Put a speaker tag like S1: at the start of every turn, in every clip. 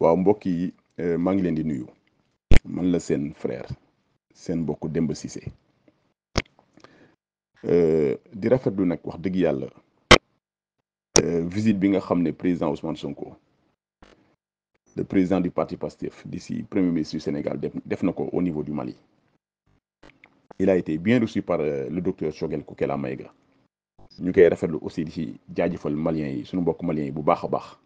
S1: waaw mbokk yi eh, maa ngi leen di nuyu man la seen frère seen mbokk Demba Cissé eh, di rafetlu nag wax dëgg yàlla eh, visite bi nga xam ne président Ousmane Sonko le président du parti PASTEF di si premier ministre Sénégal def na ko au niveau du Mali il a été bien reçu par le docteur Choguel Koukela Maïga ñu koy rafetlu aussi di si jaajëfal maliens yi suñu mbokk maliens yi bu baax a baax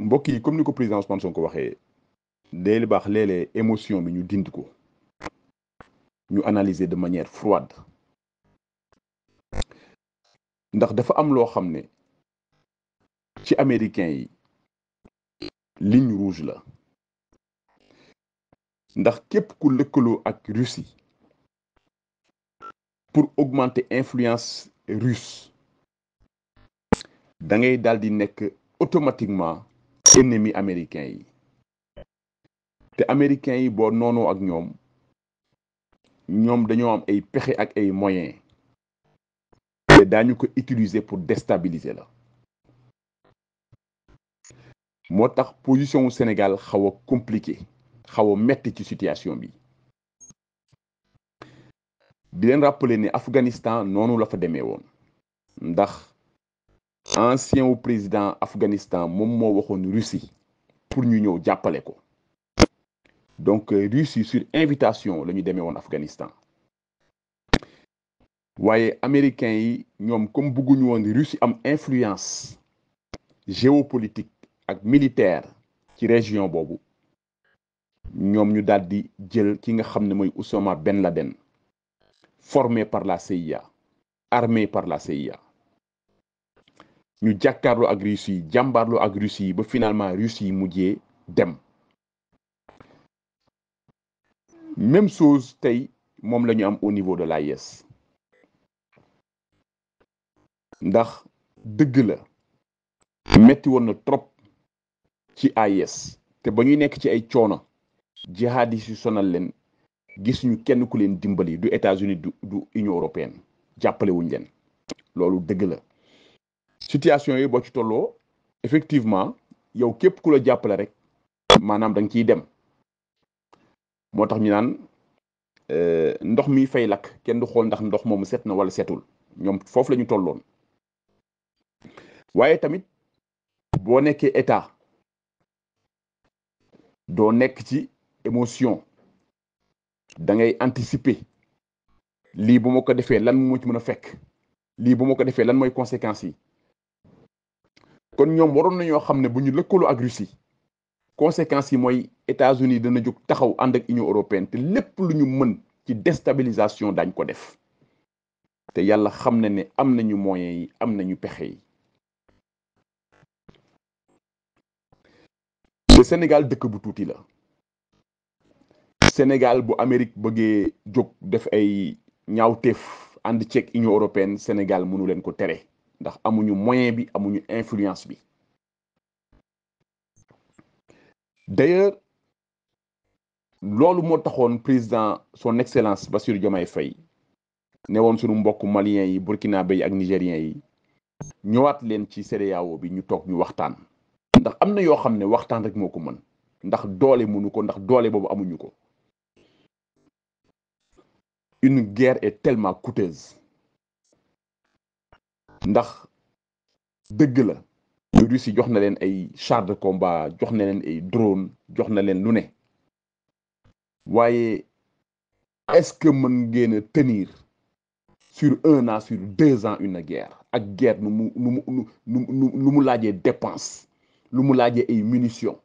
S1: mbokk yi comme ni ko président Ousmane Sonko waxee day li baax léeg-léeg émotion bi ñu dindi ko ñu analyser de manière froide ndax dafa am loo xam ne ci américain yi ligne rouge la ndax képp ku lëkkaloo ak Russie pour augmenter influence russe da ngay daal di nekk automatiquement ennemi américain yi te américain yi boo noonoo ak ñoom ñoom dañoo am ay pexe ak ay moyen te daañu ko utiliser pour déstabiliser la moo tax position wu Sénégal xaw a compliqué xaw metti ci situation bi di leen rappeler ne Afghanistan noonu la fa demee woon ndax ancien wu président Afghanistan moom moo waxoon russi pour ñu ñëw jàppale ko donc euh, Russie sur invitation la ñu demee woon Afghanistan waaye américain yi ñoom comme bëgguñu woon Russie am influence géopolitique ak militaire ci région boobu ñoom ñu daal di jël ki nga xam ne mooy Oussama Ben Laden formé par la CIA armé par la CIA ñu jàkkaarloo ak Russie yi jàmbaarloo ak Russie yi ba finalement Russie yi mujjee dem même chose tey moom lañu am au niveau de l'AIS ndax dëgg la metti woon na trop ci AIS te ba ñuy nekk ci ay coono jihadis yu sonal leen gis ñu kenn ku leen dimbali du États-Unis du du Union européenne jàppale leen loolu dëgg la situation yi boo ci tolloo effectivement yow képp ku la jàppale rek maanaam danga nga ciy dem moo tax ñu naan euh, ndox mi fay lakk kenn du xool ndax ndox moomu set na wala setul ñoom foofu la ñu tolloon waaye tamit boo nekkee état doo nekk ci émotion dangay ngay anticiper lii bu ma ko defee lan moo ci mën a fekk lii bu ma ko defee lan mooy conséquences yi kon ñoom waroon nañoo xam ne bu ñu lëkkaloo ak Russie conséquences yi mooy États-Unis dana jóg taxaw ànd ak Union européenne te lépp lu ñu mën ci destabilisation daañ ko def te yàlla xam na ne am nañu moyens yi am nañu pexe yi. Sénégal dëkk bu tuuti la. Sénégal bu Amérique bëggee jóg def ay ñaaw ñaawteef ànd ceeg Union européenne Sénégal mënu leen ko tere. ndax amuñu moyen bi amuñu influence bi d'ailleurs loolu moo taxoon président son excellence ba Diomaye Faye ne woon sunu mbokku maliens yi burkinabé yi ak nigériens yi ñëwaat leen ci CEDEAO bi ñu toog ñu waxtaan ndax am na yoo xam ne waxtaan rek moo ko mën ndax doole mënu ko ndax doole boobu amuñu ko une guerre est tellement coûteuse ndax dëgg la Russie jox na leen ay chars de combat jox na leen ay drone jox na leen lu ne waaye est-ce que mën ngeen a tenir sur un an sur deux ans une guerre ak guerre nu mu nu mu nu lu mu laajee dépense lu mu laajee ay munitions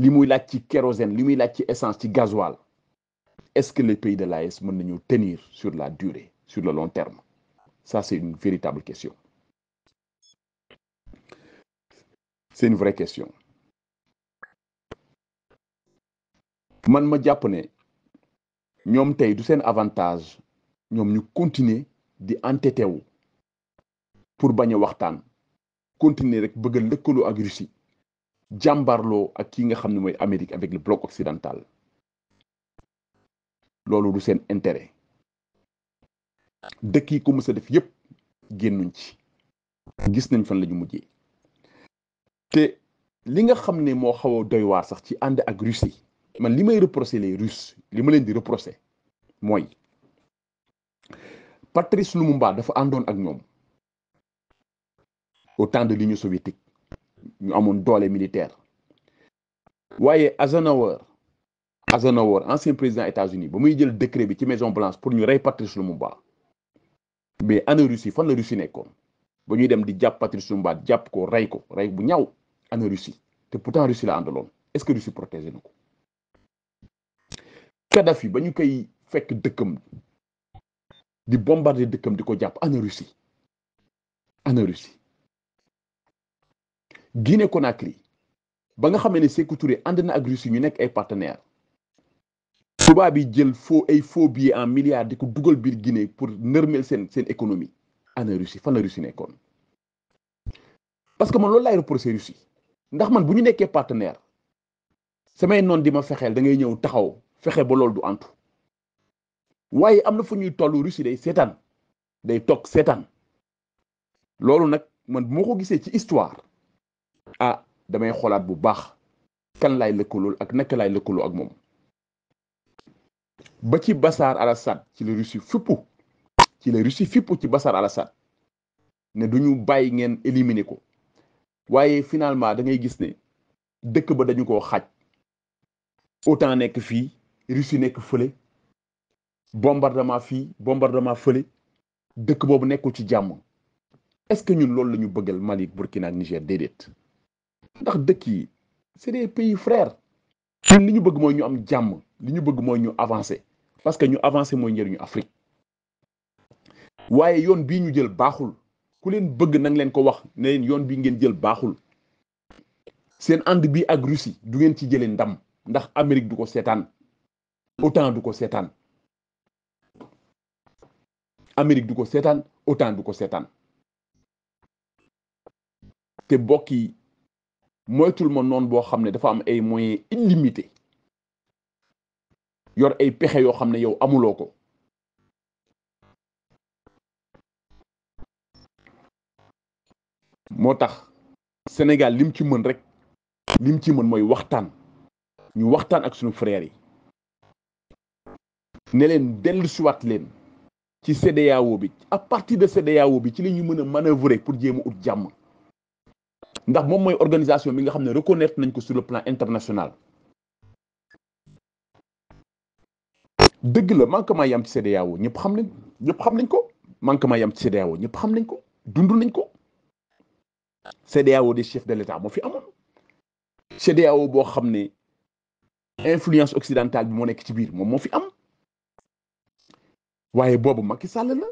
S1: li muy laaj ci kérosène li muy laaj ci essence ci gasoil est-ce que les pays de l'AES mën nañu tenir sur la durée sur le long terme Ça, c'est une véritable question. C'est une vraie question. man ma jàpp ne ñoom tey du seen avantage ñoom ñu continuer di entêté wu pour bañ a waxtaan continuer rek bëgg a lëkkaloo ak Russie jàmbarloo ak ki nga xam ne mooy Amérique avec le bloc occidental loolu du seen intérêt dëkk yi ko mës a def yépp génnuñ ci gis nañ fan la ñu mujjee te li nga xam ne moo xaw a doy sax ci ànd ak Russie man li may reprocher les Russes li ma leen di reprocher mooy Patrice mbaa dafa àndoon ak ñoom au temps de l'Union soviétique ñu amoon doole militaire waaye Eisenhower Eisenhower ancien président États-Unis ba muy jël décret bi ci Maison Blanche pour ñu rey Patrice Lumumba mais ana Russie fan la Russie nekkoon ba ñuy dem di jàpp Patrice Lumumba jàpp ko rey ko rey bu ñaw ana Russie te pourtant Russie la àndaloon est-ce que Russie protégé na ko. Kadhafi ba ñu kay fekk dëkkam di bombarder dëkkam di ko jàpp ana Russie ana Russie ak Conakry ba nga xamee ne Sékou Touré ànd na ak Russie ñu nekk ay partenaires. tubaab yi jël foo ay faux billets en milliards di ko dugal biir Guinée pour nërmeel seen seen économie ana Russie fan la Russie nekkoon parce que man loolu laay reproché Russie ndax man bu ñu nekkee partenaire samay noon di ma fexeel da ngay ñëw taxaw fexe ba loolu du antu waaye am na fu ñuy tollu Russie day seetaan day toog seetaan loolu nag man moo ko gisee ci histoire ah damay xoolaat bu baax kan laay lëkkaloo ak naka laay lëkkaloo ak moom. ba ci bassar al-Assad ci la Russie fippu ci la Russie fippu ci Bachar al ne du ñu bàyyi ngeen éliminer ko waaye finalement da ngay gis ne dëkk ba dañu ko xaaj autant nekk fii Russie nekk fële bombardement fii bombardement fële dëkk boobu nekkul ci jàmm est-ce que ñun loolu la ñu bëggal Mali Burkina ak Niger déedéet ndax dëkk yi c'est des pays frères ñun li ñu bëgg mooy ñu am jàmm. li ñu bëgg mooy ñu avancer parce que ñu avancer mooy njëriñu Afrique waaye yoon bii ñu jël baaxul ku leen bëgg nang leen ko wax ne leen yoon bi ngeen jël baaxul seen and bi ak Russie du ngeen ci jëlee ndam ndax Amérique du ko seetaan OTAN du ko seetaan Amérique du ko seetaan OTAN du ko seetaan te bokk yi moytul ma noon boo xam ne dafa am ay moyens illimités yor ay pexe yoo xam ne yow amuloo ko moo tax Sénégal lim ci mën rek lim ci mën mooy waxtaan ñu waxtaan ak sunu frères yi ne leen dellu siwaat leen ci CEDEAO bi à partir de CEDEAO bi ci la ñu mën a manœuvrer pour jéem a ut jàmm ndax moom mooy organisation bi nga xam ne reconnaître nañ ko sur le plan international dëgg la manquement yi am ci CEDEAO ñëpp xam nañ ñëpp xam nañ ko manquement yi am ci CEDEAO ñëpp xam nañ ko dund nañ ko CEDEAO des chef de l'État moo fi amoon CEDEAO boo xam ne influence occidentale bi moo nekk ci biir moom moo fi am waaye boobu Macky Sall la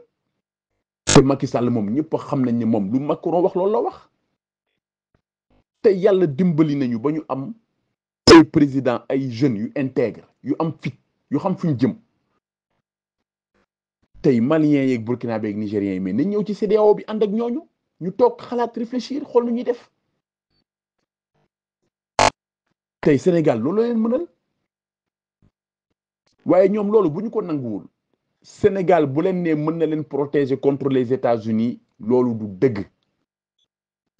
S1: te Macky Sall moom ñëpp xam nañ ne moom lu Macron wax loolu loo wax te yàlla dimbali nañu ba ñu am ay président ay jeunes yu intègre yu am fit yu xam fu ñu jëm tey maliens yeeg burkinabé yeeg nigériens yi mais nañ ñëw ci CEDEAO bi ànd ak ñooñu ñu toog xalaat réfléchir xool nu ñuy def tey Sénégal loolu leen mënal waaye ñoom loolu bu ñu ko nanguwul Sénégal bu leen ne mën na leen protéger contre les États-Unis loolu du dëgg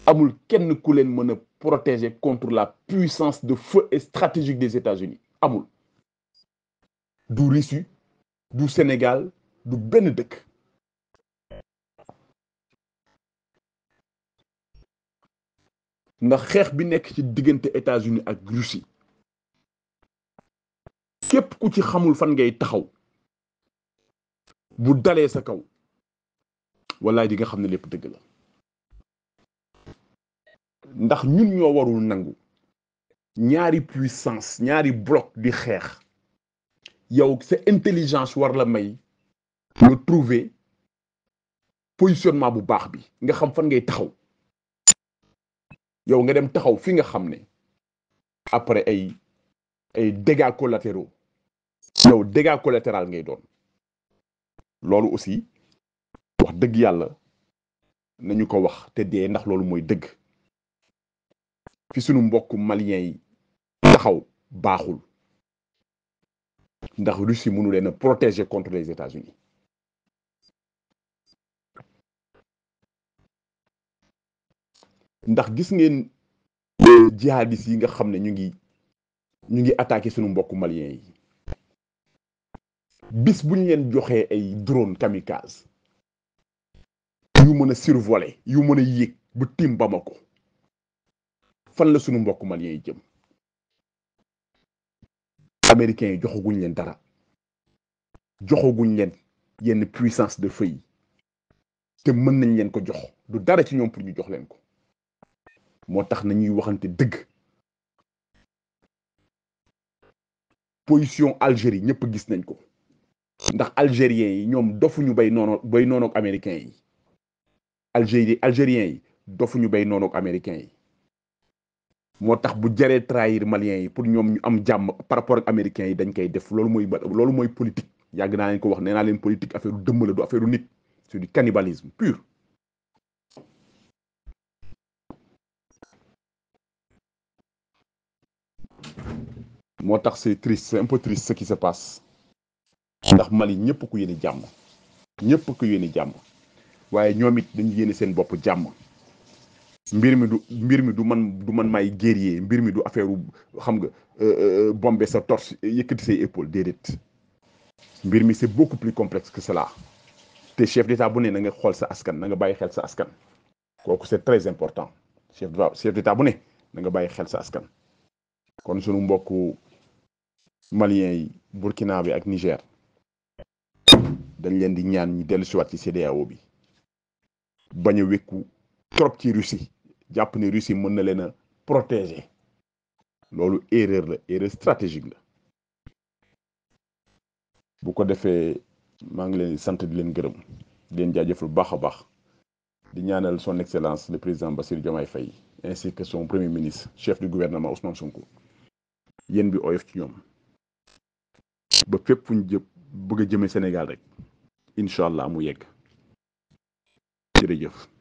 S1: amul kenn ku leen mën a protéger contre la puissance de feu et stratégique des États-Unis amul du Russie du Sénégal du benn dëkk ndax xeex bi nekk ci diggante États-Unis ak Russie képp ku ci xamul fan ngay taxaw bu dalee sa kaw wallaay di nga xam ne lépp dëgg la ndax ñun ñoo warul nangu ñaari puissance ñaari block di xeex yow sa intelligence war la may nga trouver positionnement bu baax bi nga xam fan ngay taxaw yow nga dem taxaw fi nga xam ne après ay ay dégâts collatéraux yow dégâts collatéral ngay doon loolu aussi wax dëgg yàlla nañu ko wax te dee ndax loolu mooy dëgg fi sunu mbokk malien yi taxaw baaxul ndax Russie mënu leen a protéger contre les États-Unis ndax gis ngeen jihadistes yi nga xam ne ñu ngi ñu ngi attaque suñu mbokku malien yi bis bu ñu leen joxee ay drone kamikaze yu mën a survoler yu mën a yéeg bu tiim Bamako fan la suñu mbokk malien yi jëm américains yi joxaguñ leen dara joxaguñ leen yenn puissance de feu te mën nañ leen ko jox du dara ci ñoom pour ñu jox leen ko moo tax nañuy waxante dëgg position Algérie ñëpp gis nañ ko ndax algériens yi ñoom dofuñu bay noono bay noonook américains yi algérie algériens yi dofuñu bay noonook américains yi moo tax bu jaree trahir maliens yi pour ñoom ñu am jàmm par rapport ak yi dañ koy def loolu mooy loolu mooy politique yàgg naa leen ko wax nee naa leen politique affaire u dëmm la du affaire u nit c'est du cannibalisme pur moo tax c'est triste c'est un peu triste ce qui se passe ndax Mali ñëpp ku yéene jàmm ñëpp ku yéene jàmm waaye ñoom it dañu yéene seen bopp jàmm mbir mi du mbir mi du man du man maay guerrier mbir mi du affaire xam nga euh, euh, bombe sa torse yëkkati say épaule déedéet mbir mi c'est beaucoup plus complexe que cela te chef d'état bu ne na nga xool sa askan na nga bàyyi xel sa askan kooku c'est très important chef chef d'état bu ne na nga bàyyi xel sa askan kon sunu mbokku malien yi Burkina bi ak Niger dañ leen di ñaan ñi dellu siwaat ci CEDEAO bi bañ a trop ci Russie jàpp ne Russie mën na leen a protéger loolu erreur la erreur stratégique la bu ko defee maa ngi leen di sant di leen gërëm di leen jaajëfal bu baax a baax di ñaanal son excellence le président Bassirou Diomaye Faye ainsi que son premier ministre chef du gouvernement Ousmane Sonko yéen bi oyof ci ñoom ba fépp fu ñu jëp bëgg jëmee Sénégal rek incha allah mu yegg jërëjëf.